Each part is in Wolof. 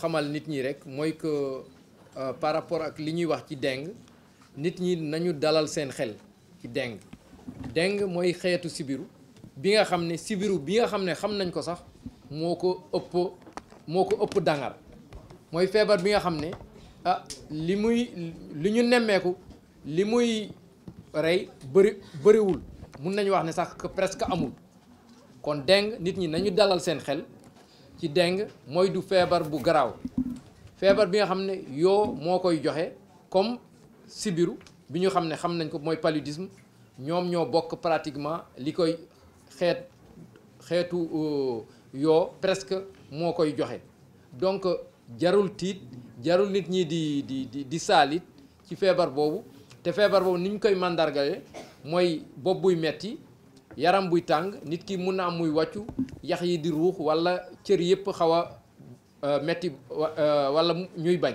xamal nit ñi rek moy que euh, par rapport ak li ñuy wax ci deng nit ñi nañu dalal seen xel ci deng deng tu sibiru bi nga xamne sibiru bi nga xamne xam nañ ko sax moko ëpp moo ëpp dangar moy febar bi nga xamne ah li muy li ñu nemmeeku li muy rey bëri wul mun nañ wax ne sax que presque amul kon deng nit ñi nañu dalal seen xel ci dengue mooy du feebar bu garaaw feebar bi nga xam ne yoo moo koy joxe comme sibiru bi ñu xam ne xam nañ ko mooy paludisme ñoom ñoo bokk pratiquement li koy xeet xeetu euh, yoo presque moo koy joxe donc jarul tiit jarul nit ñi di di di di saalit ci feebar boobu te feebar boobu ni ñu koy màndargale mooy bopp buy metti yaram buy tàng nit ki mun na am muy wàccu yax yi di ruux wala cër yëpp xaw a euh, metti euh, wala ñuy bañ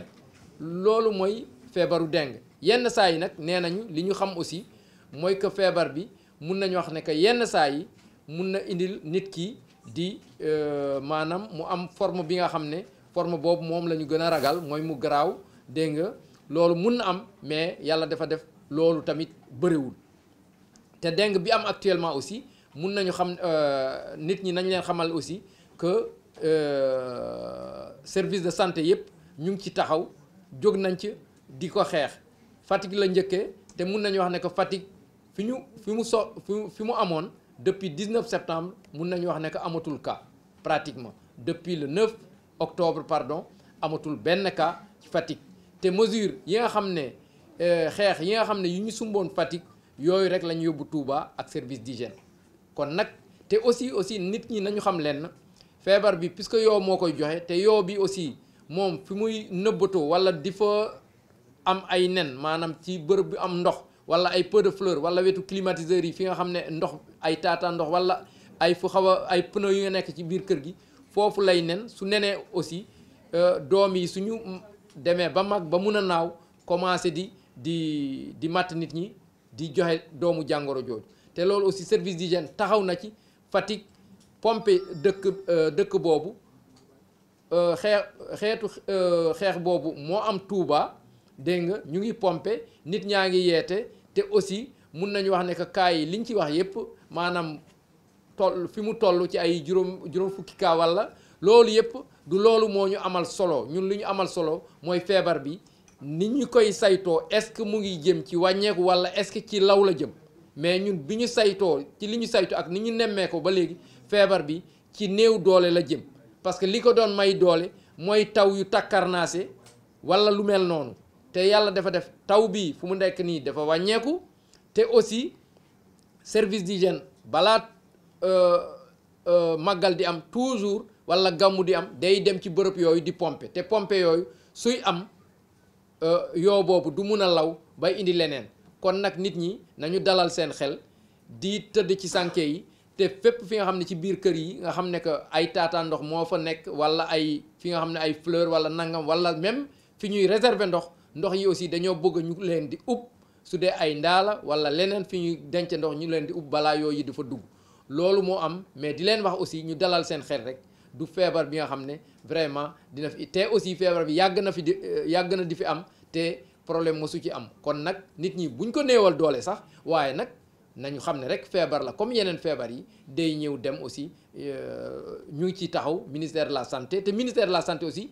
loolu mooy feebaru dengue yenn saa yi nag nee nañu li ñu xam aussi mooy que feebar bi mun nañu wax ne que yenn saa yi mun na indil nit ki di euh, maanaam mu am forme bi nga xam ne forme boobu moom la ñu gën a ragal mooy mu garaaw dégg nga loolu mun na am mais yàlla dafa def loolu tamit bëriwul te dengue bi am actuellement aussi mun nañu xam euh, nit ñi nañ leen xamal aussi que euh, service de santé yëpp ñu ngi ci taxaw jóg nañ ci di ko xeex Fatick la njëkkee te mun nañu wax ne que fatigue, fi ñu fi mu depuis 19 septembre mun nañu wax ne que amatul cas pratiquement depuis le 9 octobre pardon amatul benn cas ci fatigue, te mesure yi nga xam ne euh, xeex yi nga xam ne yu ñu sumboon fatigue yooyu rek lañ yóbbu Touba ak service d'hygiène kon nag te aussi aussi nit ñi nañu xam lenn feebar bi puisque yoo moo koy joxe te yoo bi aussi moom fi muy nëbbatoo wala di fa am ay nen maanaam ci bërëb bi am ndox wala ay pot de fleur wala wetu climatiseur yi fi nga xam ne ndox ay taataa ndox wala ay fu xaw a ay pneu yu nga nekk ci biir kër gi foofu lay nen su nenee aussi euh, doom yi su ñu demee ba mag ba mun a naaw commencé di di di matt nit ñi di joxe doomu jàngoro jooju te loolu aussi service d'hygiène taxaw na ci Fatick pompe dëkk euh, dëkk boobu euh, xeex xeetu euh, xeex boobu moo am Touba dégg nga ñu ngi pompe nit ñaa ngi yeete te aussi mun nañu wax ne que cas yi liñ ci wax yépp maanaam toll fi mu toll ci ay juróom juróom fukki cas walla loolu yépp du loolu moo ñu amal solo ñun li ñu amal solo mooy feebar bi nit ñu koy saytoo est-ce que mu ngi jëm ci wàññeeku walla est-ce ci law la jëm mais ñun bi ñu saytoo ci li ñu saytoo ak ni ñu nemmee ko ba léegi feebar bi ci néew doole la jëm parce que li ko doon may doole mooy taw yu takkarnaase walla lu mel noonu te yàlla dafa def taw bi fu mu nekk nii dafa wàññeeku te aussi service di d'hygiène balaa euh, euh, màggal di am toujours walla gàmmu di am day dem ci bërëb yooyu di pompe te pompe yooyu suy am Euh, yoo boobu du mun a law bay indi leneen kon nag nit ñi nañu dalal seen xel di tëdd ci sànke yi te fépp fi nga xam ne ci biir kër yi nga xam ne que ay taataa ndox moo fa nekk wala ay fi nga xam ne ay fleur wala nangam wala même fi ñuy réserver ndox ndox yi aussi dañoo bëgg ñu leen di ub su dee ay ndaala wala leneen fi ñuy denc ndox ñu leen di ub balaa yooyu dafa dugg loolu moo am mais di leen wax aussi ñu dalal seen xel rek du feebar bi nga xam ne vraiment dina fi te aussi feebar bi yàgg na fi di euh, yàgg na di fi am te problème mosu ci am kon nak nit ñi buñ ko néewal doole sax waaye nak nañu xamné rek fièvre la comme yeneen fièvre yi day ñëw dem aussi euh, ñu ci taxaw ministère de la santé té ministère de la santé aussi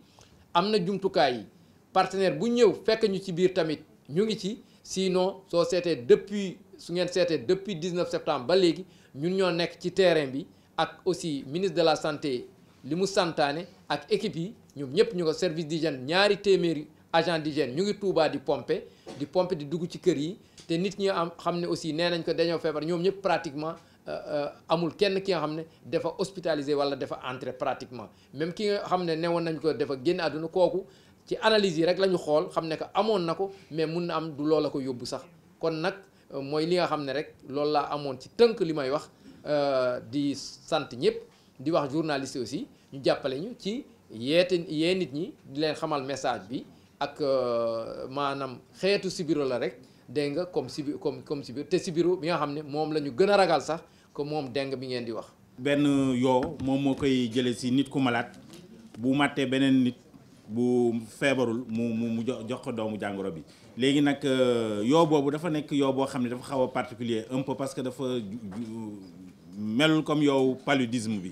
amna jumtu jumtukaay partenaire bu ñëw fekk ñu ci biir tamit ñu ngi ci sinon société depuis su ngeen sété depuis 19 septembre ba légui ñun ñoo nekk ci terrain bi ak aussi ministre de la santé limu mu ak équipe yi ñom ñëpp ñu service d'hygiène ñaari téeméeri agent d'hygiène ñu ngi Touba di pomper di pomper di dugg ci kër yi té nit ñi am xam aussi né nañ ko dañoo feebar ñoom ñëpp pratiquement euh, euh amul kenn ki nga xamné ne dafa hospitalisé wala dafa entrer pratiquement même ki nga xamné né won nañ ko dafa génn àdduna koku ci analyse yi rek lañu xol xamné xam amon nako mais mën na am du loola ko yóbbu sax kon nak euh, moy li nga xamné rek loolu la amon ci tënk limay wax euh di sant ñëpp di wax journaliste aussi ñu jappalé ñu ci yeete yee nit ñi di leen xamal message bi ak euh, maanaam xeetu sibiru la rek dégg nga comme sibi comme comme sibiru te sibiru bi nga xam ne moom la ñu gën a ragal sax que moom deng bi ngeen di wax. benn yow moom moo koy jëlee si nit ku malaat bu màttee beneen nit bu feebarul mu mu mu jox ko doomu jàngoro bi léegi nag euh, yow boobu dafa nekk yow boo xam ne dafa xawa particulier un parce que dafa melul comme yow paludisme bi.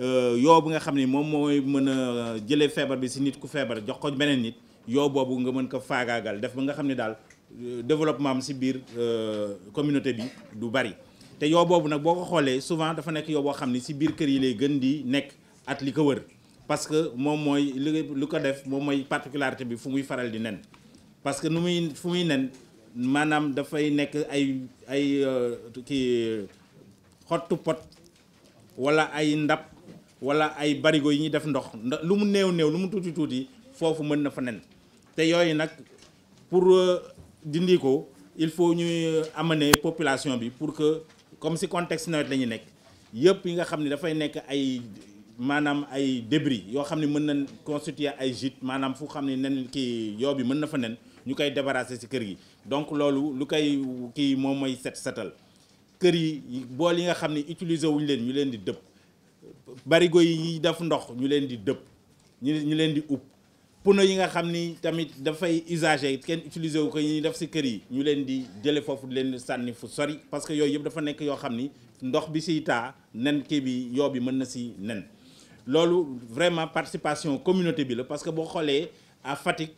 Euh, yow bu nga xam ne moom mooy mën a euh, jëlee feebar bi si nit ku feebar jox ko beneen nit yow boobu nga mën ko faagaagal def ba nga xam ne daal euh, développement si biir communauté bi du bari te yow boobu nag boo ko xoolee souvent dafa nekk yow boo xam ni si biir kër yi lay gën di nekk at li ko wër parce que moom mooy li lu ko def moom mooy particularité bi fu muy faral di nen parce que nu muy fu muy nen maanaam dafay nekk ay ay kii xottu pot wala ay ndab wala ay barigo yi ñuy def ndox lu mu néew néew lu mu tuuti tuuti fofu mën na fa nen te yoy nak pour euh, dindi ko il faut ñuy euh, amener population bi pour que comme si contexte nawet la ñu nekk yi nga xamni da fay nek ay manam ay débris yo xamni ne mën na constituer ay gîte manam fu xamni ne nen kii yoo bi mën na fa nen ñu koy débarrasser ci kër gi donc lolu lu koy ki moom mooy set setal kër yi bo li nga xamni utiliser wuñ len ñu len di depp barigo yi def ndox ñu leen di dëpp ñu ñu leen di upp pono yi nga xam ni tamit fay usager kenn utiliser wu ko ñuy def si kër yi ñu leen di jële foofu di sànni fu sori parce que yooyu yëpp dafa nekk yoo xam ni ndox bi siy taa nen kii bi yoo bi mën na si nen loolu vraiment participation communauté bi la parce que boo xoolee à Fatick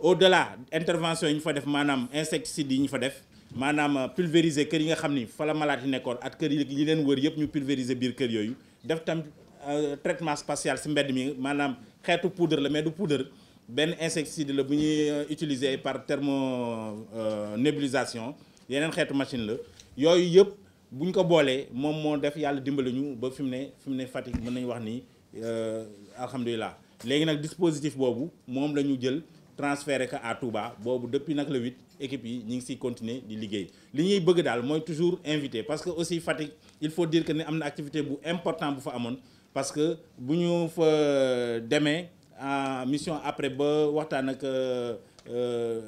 au-delà intervention yi ñu fa def maanaam insecticide yi ñu fa def maanaam pulvériser kër yi nga xam ni fa la maladie yi nekkoon ak kër yi li leen wër yëpp ñu pulvériser biir kër yooyu def tam euh, traitement spatial ci mbedd mi maanaam xeetu poudre la mais du poudre ben insecticide la buñuy euh, utiliser par thermo euh, nébulisation yenen xétu machine la yooyu yëpp buñ ko bolé mom mo def yalla dimbalé ñu ba fimné fimné ne fi ne mën nañu wax ni alhamdoulillah légui nak dispositif bobu, mom lañu jël transféré ka à Touba bobu depuis nak le huit équipe yi ñi ngi siy continuer di liggéey li ñuy bëgg dal moy toujours invité parce que aussi Fatick il faut dire que nous avons une activité importante pour bu parce que si nous fa demain, en mission après ba waxtaan ak euh,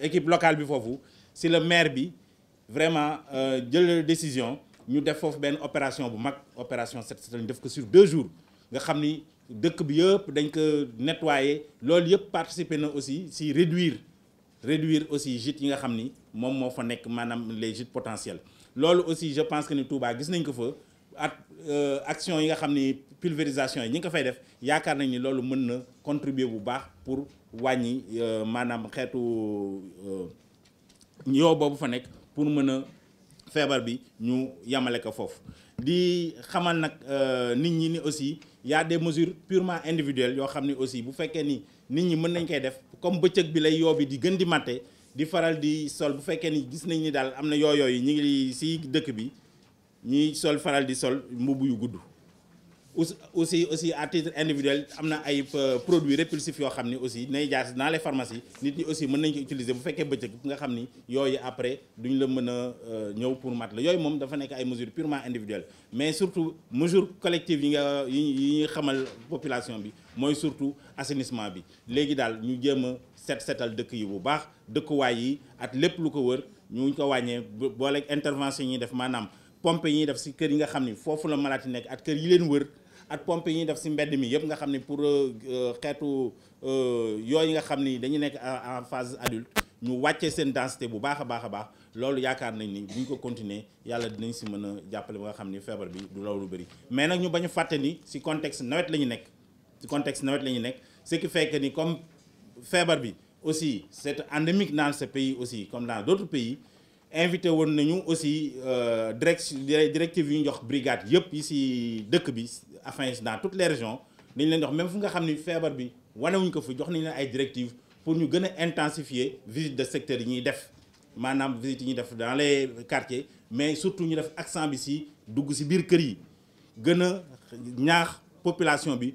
équipe locale bi vous. si le maire bi vraiment euh, la décision nous def une opération une opération sur deux jours Nous avons une bi nettoyer Nous yëpp participer aussi si réduire réduire aussi gîtes yi nga xam les gîtes potentiels loolu aussi je pense que ni Touba gis nañ ko fa ak euh, action yi nga xam ni pulvérisation yi ñi ngi fay def yaakaar nañ ni loolu mën na contribuer bu baax pour wàññi euh, maanaam xeetu euh, yoo boobu fa nekk pour mën a feebar bi ñu yamale ko foofu di xamal nag nit ñi ni aussi y a des mesures purement individuelles yoo xam ni aussi bu fekkee ni nit ñi mën nañ koy def comme bëccëg bi lay yoo bi di gën di matte di faral di sol bu fekkee ni gis nañ ni daal am na yi ñu ngi si dëkk bi ñuy sol faral di sol mbubb yu gudd aussi aussi à titre individuel am na ay euh, produits répulsifs yoo xam ni aussi nay jaar dans les pharmacies nit ñi aussi mën nañ ko utiliser bu fekkee bëccëg nga xam ni yooyu après duñ la mën a euh, ñëw pour mat la yooyu moom dafa nekk ay mesures purement individuelles mais surtout mesures collectives yi nga yi ñuy xamal population bi moy surtout assainissement bi nous dal ñu set setal dëkk yi bu baax way yi nous lepp lu ko wër ñu ko wàññee booleeg intervention yi def manam pompe yi def ci kër yi pour euh, euh, euh, yoy yi nga xamni en phase adulte ñu wacce sen densité bu baaxa baaxa baax a loolu nañ ni buñ ko continuer yalla dinañ ci nous jappalé nga bi contexte nawet contexte ce qui fait que nous, comme Fébarbi, bi aussi c'est endémique dans ce pays aussi comme dans d'autres pays invité nous aussi euh, direct directive une brigade yep, ici afin dans toutes les régions même si nous xam ni feebar bi wanewuñ ko fi jox pour nous intensifier la intensifier visite de secteur yi ñuy def visite dans les quartiers mais surtout nous def accent bi ci dugg ci biir kër population bi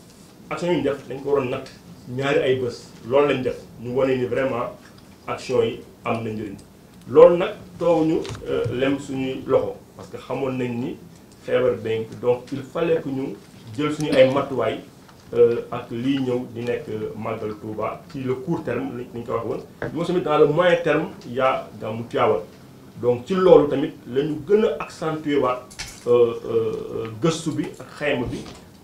action yi ñu def dañ ko waroon natt ñaari ay bés loolu lañ def ñu wane ni vraiment action yi am na njëriñ loolu nag toowuñu euh, lem suñuy loxo parce que xamoon nañ ni feebar dañ donc il fallait que ñu jël suñu ay matuwaay euh, ak lii ñëw di nekk màggal Touba ci le court terme ni ñu ko wax woon. moo tamit dans le moyen terme y yaa gàmmu Tiwaawan donc ci loolu tamit lañu ñu gën a accentuer waat euh, gëstu bi ak xayma bi.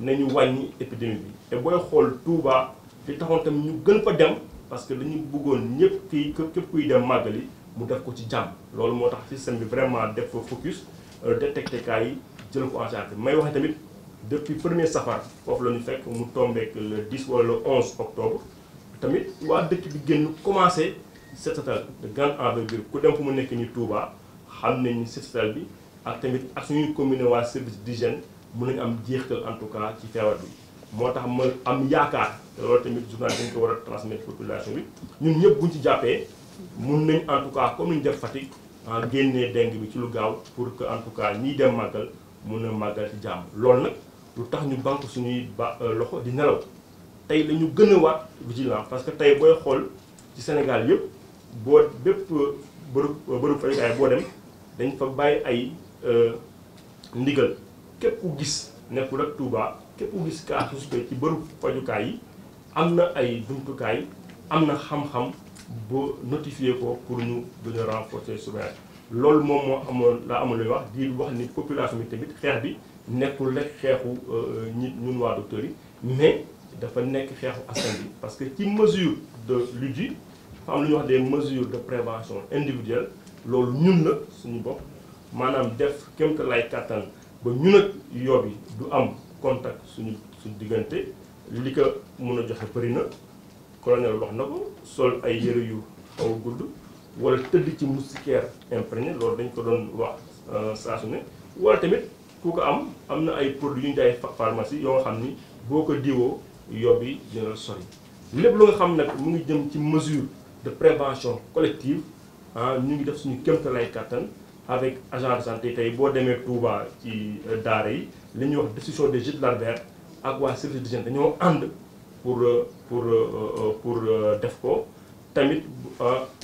nañu wàññi épidémie bi te booy xool Touba li taxoon tamit ñu gën fa dem parce que dañu bëggoon ñëpp kii képp kuy dem màggali mu def ko ci jàmm loolu moo tax système bi vraiment def ko focus euh, détecté cas yi jël ko en charge may waxee tamit depuis premier safar foofu la ñu fekk mu tombeek le 10 wala le 11 octobre tamit waa dëkk bi génn commencé set setal de grande envergure ku dem fu mu nekk ni Touba xam nañ ni set bi ak tamit ak suñuy commune waa service d'hygiène mun nañu am jeexital en tout cas ci feebar bi moo tax ma am yaakaar te loolu tamit journal dañ ko war a transmettre population bi ñun ñëpp buñ ci jàppee mun nañ en tout cas comme ñu def Fatick ah génnee dengue bi ci lu gaaw pour que en tout cas ñiy dem màggal mun na màggal ci jàmm loolu nag lu tax ñu banque suñuy ba euh, loxo di nelaw tey la ñu gën a waat vigilant parce que tey booy xool ci Sénégal yëpp boo bépp euh, bërëb euh, bërëb fajukaay boo dem dañ fa bàyyi ay ndigal képp gis nekkul ak Touba képp gis kaasu sukkee ci bërëb fajukaay yi am na ay jumtukaay am na xam-xam boo notifié ko pour ñu gën a renforcer surveillance loolu moom moo amoon laa amoon lay wax di wax ni population bi tamit xeex bi nekkul rek xeexu nit euh, ñun waa docteur yi mais dafa nekk xeexu askan bi parce que ci mesure de lutte yi dafa am lu ñuy wax des mesures de prévention individuelle loolu ñun la suñu bopp maanaam def kémta lay kàttan ba ñu nag Yoff yi du am contact suñu suñu diggante li ko mën a joxe bëri na colonel wax na ko sol ay yëre yu xaw gudd wala tëdd ci moustiquaire imprégné loolu dañ ko doon wax euh, saa su ne wala tamit ku ko am am na ay produits yu ñu jaay pharmacie yoo nga xam ni boo ko diwoo Yoff yi dina la lépp lu nga xam nag mu ngi jëm ci mesure de prévention collective ah ñu ngi def suñu kéemtalaay kàttan avec agent de santé tey boo demee Touba ci euh, daara yi li ñu wax décision de Gilles Lambert ak wa service d'hygiène dañoo and pour euh, pour euh, pour def ko tamit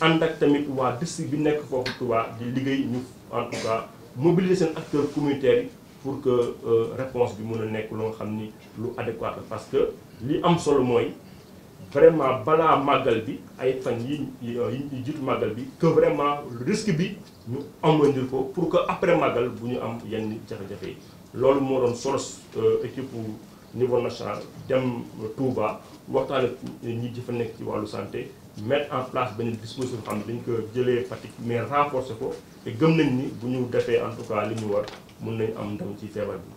and ak tamit wa district bi nekk fofu Touba di liggéey ñu en tout cas mobiliser sen acteur communautaire pour que réponse bi mëna a nekk lu nga lu adéquat parce que li am solo moy vraiment balaa magal bi ay yi que vraiment risque bi ñu pour que après magal bu am yenn nous jafé loolu euh, niveau national dem Touba santé mettre en place benn dispositif xam ko mais renforcer ko et gëm nañ ni en tout cas li war nañ am